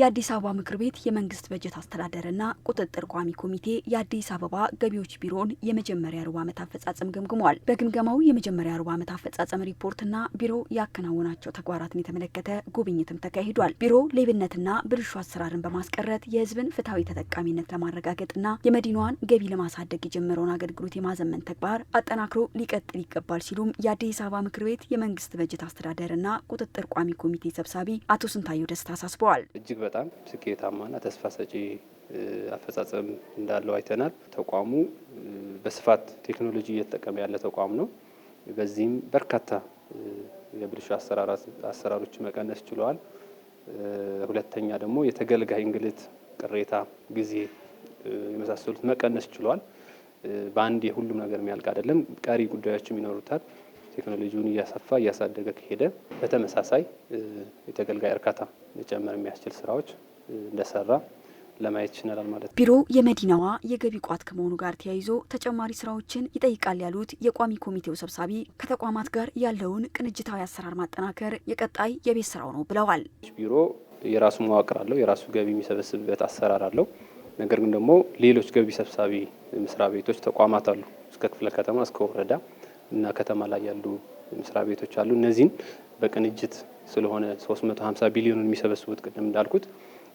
የአዲስ አበባ ምክር ቤት የመንግስት በጀት አስተዳደርና ቁጥጥር ቋሚ ኮሚቴ የአዲስ አበባ ገቢዎች ቢሮን የመጀመሪያ ሩብ ዓመት አፈጻጸም ገምግሟል። በግምገማው የመጀመሪያ ሩብ ዓመት አፈጻጸም ሪፖርትና ቢሮ ያከናወናቸው ተግባራትን የተመለከተ ጉብኝትም ተካሂዷል። ቢሮ ሌብነትና ብልሹ አሰራርን በማስቀረት የህዝብን ፍትሐዊ ተጠቃሚነት ለማረጋገጥና የመዲናዋን ገቢ ለማሳደግ የጀመረውን አገልግሎት የማዘመን ተግባር አጠናክሮ ሊቀጥል ይገባል ሲሉም የአዲስ አበባ ምክር ቤት የመንግስት በጀት አስተዳደርና ቁጥጥር ቋሚ ኮሚቴ ሰብሳቢ አቶ ስንታየው ደስታ አሳስበዋል። በጣም ስኬታማና ተስፋ ሰጪ አፈጻጸም እንዳለው አይተናል። ተቋሙ በስፋት ቴክኖሎጂ እየተጠቀመ ያለ ተቋም ነው። በዚህም በርካታ የብልሹ አሰራሮች መቀነስ ችለዋል። ሁለተኛ ደግሞ የተገልጋይ እንግልት፣ ቅሬታ ጊዜ የመሳሰሉት መቀነስ ችለዋል። በአንድ የሁሉም ነገር የሚያልቅ አይደለም፣ ቀሪ ጉዳዮችም ይኖሩታል። ቴክኖሎጂውን እያሰፋ እያሳደገ ከሄደ በተመሳሳይ የተገልጋይ እርካታ ሊጨመር የሚያስችል ስራዎች እንደሰራ ለማየት ይችላል ማለት ነው። ቢሮው የመዲናዋ የገቢ ቋት ከመሆኑ ጋር ተያይዞ ተጨማሪ ስራዎችን ይጠይቃል ያሉት የቋሚ ኮሚቴው ሰብሳቢ ከተቋማት ጋር ያለውን ቅንጅታዊ አሰራር ማጠናከር የቀጣይ የቤት ስራው ነው ብለዋል። ቢሮ የራሱ መዋቅር አለው፣ የራሱ ገቢ የሚሰበስብበት አሰራር አለው። ነገር ግን ደግሞ ሌሎች ገቢ ሰብሳቢ መስሪያ ቤቶች ተቋማት አሉ፣ እስከ ክፍለ ከተማ እስከ ወረዳ እና ከተማ ላይ ያሉ መስሪያ ቤቶች አሉ። እነዚህን በቅንጅት ስለሆነ 350 ቢሊዮኑን የሚሰበስቡት ቅድም እንዳልኩት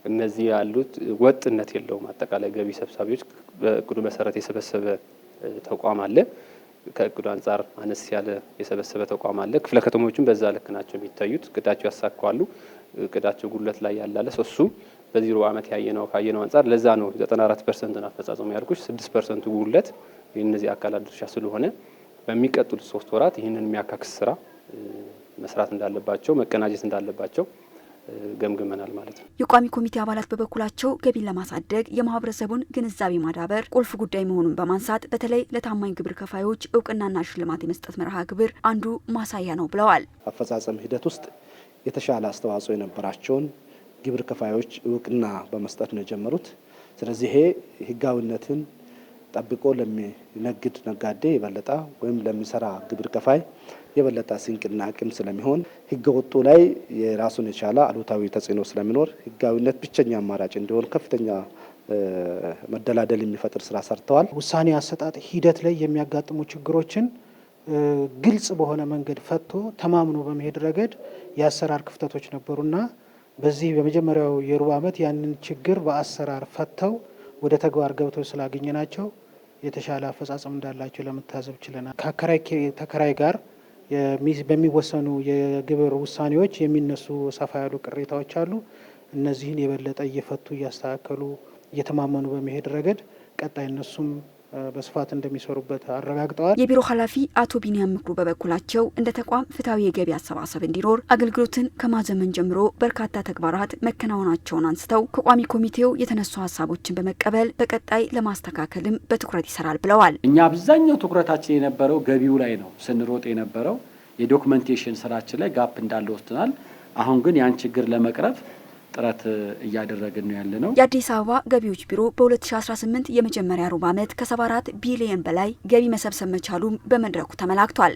እነዚህ ያሉት ወጥነት የለውም። አጠቃላይ ገቢ ሰብሳቢዎች በእቅዱ መሰረት የሰበሰበ ተቋም አለ፣ ከእቅዱ አንጻር አነስ ያለ የሰበሰበ ተቋም አለ። ክፍለ ከተሞችም በዛ ልክ ናቸው የሚታዩት። እቅዳቸው ያሳካሉ፣ እቅዳቸው ጉድለት ላይ ያላለ እሱ በዜሮ ዓመት ያየነው ካየነው አንጻር ለዛ ነው 94 ፐርሰንትን አፈጻጸሙ ያልኩሽ፣ 6 ፐርሰንቱ ጉድለት የእነዚህ አካላት ድርሻ ስለሆነ በሚቀጥሉት ሶስት ወራት ይህንን የሚያካክስ ስራ መስራት እንዳለባቸው መቀናጀት እንዳለባቸው ገምግመናል ማለት ነው። የቋሚ ኮሚቴ አባላት በበኩላቸው ገቢን ለማሳደግ የማህበረሰቡን ግንዛቤ ማዳበር ቁልፍ ጉዳይ መሆኑን በማንሳት በተለይ ለታማኝ ግብር ከፋዮች እውቅናና ሽልማት የመስጠት መርሃ ግብር አንዱ ማሳያ ነው ብለዋል። አፈጻጸም ሂደት ውስጥ የተሻለ አስተዋጽኦ የነበራቸውን ግብር ከፋዮች እውቅና በመስጠት ነው የጀመሩት። ስለዚህ ይሄ ህጋዊነትን ጠብቆ ለሚነግድ ነጋዴ የበለጠ ወይም ለሚሰራ ግብር ከፋይ የበለጠ ስንቅና አቅም ስለሚሆን ህገ ወጡ ላይ የራሱን የቻለ አሉታዊ ተጽዕኖ ስለሚኖር ህጋዊነት ብቸኛ አማራጭ እንዲሆን ከፍተኛ መደላደል የሚፈጥር ስራ ሰርተዋል። ውሳኔ አሰጣጥ ሂደት ላይ የሚያጋጥሙ ችግሮችን ግልጽ በሆነ መንገድ ፈቶ ተማምኖ በመሄድ ረገድ የአሰራር ክፍተቶች ነበሩና በዚህ በመጀመሪያው የሩብ ዓመት ያንን ችግር በአሰራር ፈተው ወደ ተግባር ገብተው ናቸው የተሻለ አፈጻጸም እንዳላቸው ለመታዘብ ችለናል። ከአከራይ ተከራይ ጋር በሚወሰኑ የግብር ውሳኔዎች የሚነሱ ሰፋ ያሉ ቅሬታዎች አሉ። እነዚህን የበለጠ እየፈቱ እያስተካከሉ እየተማመኑ በመሄድ ረገድ ቀጣይ እነሱም በስፋት እንደሚሰሩበት አረጋግጠዋል። የቢሮ ኃላፊ አቶ ቢንያም ምክሩ በበኩላቸው እንደ ተቋም ፍትሐዊ የገቢ አሰባሰብ እንዲኖር አገልግሎትን ከማዘመን ጀምሮ በርካታ ተግባራት መከናወናቸውን አንስተው ከቋሚ ኮሚቴው የተነሱ ሀሳቦችን በመቀበል በቀጣይ ለማስተካከልም በትኩረት ይሰራል ብለዋል። እኛ አብዛኛው ትኩረታችን የነበረው ገቢው ላይ ነው ስንሮጥ የነበረው የዶክመንቴሽን ስራችን ላይ ጋፕ እንዳለ ወስደናል። አሁን ግን ያን ችግር ለመቅረፍ ጥረት እያደረግን ነው ያለ ነው። የአዲስ አበባ ገቢዎች ቢሮ በ2018 የመጀመሪያ ሩብ ዓመት ከ74 ቢሊየን በላይ ገቢ መሰብሰብ መቻሉም በመድረኩ ተመላክቷል።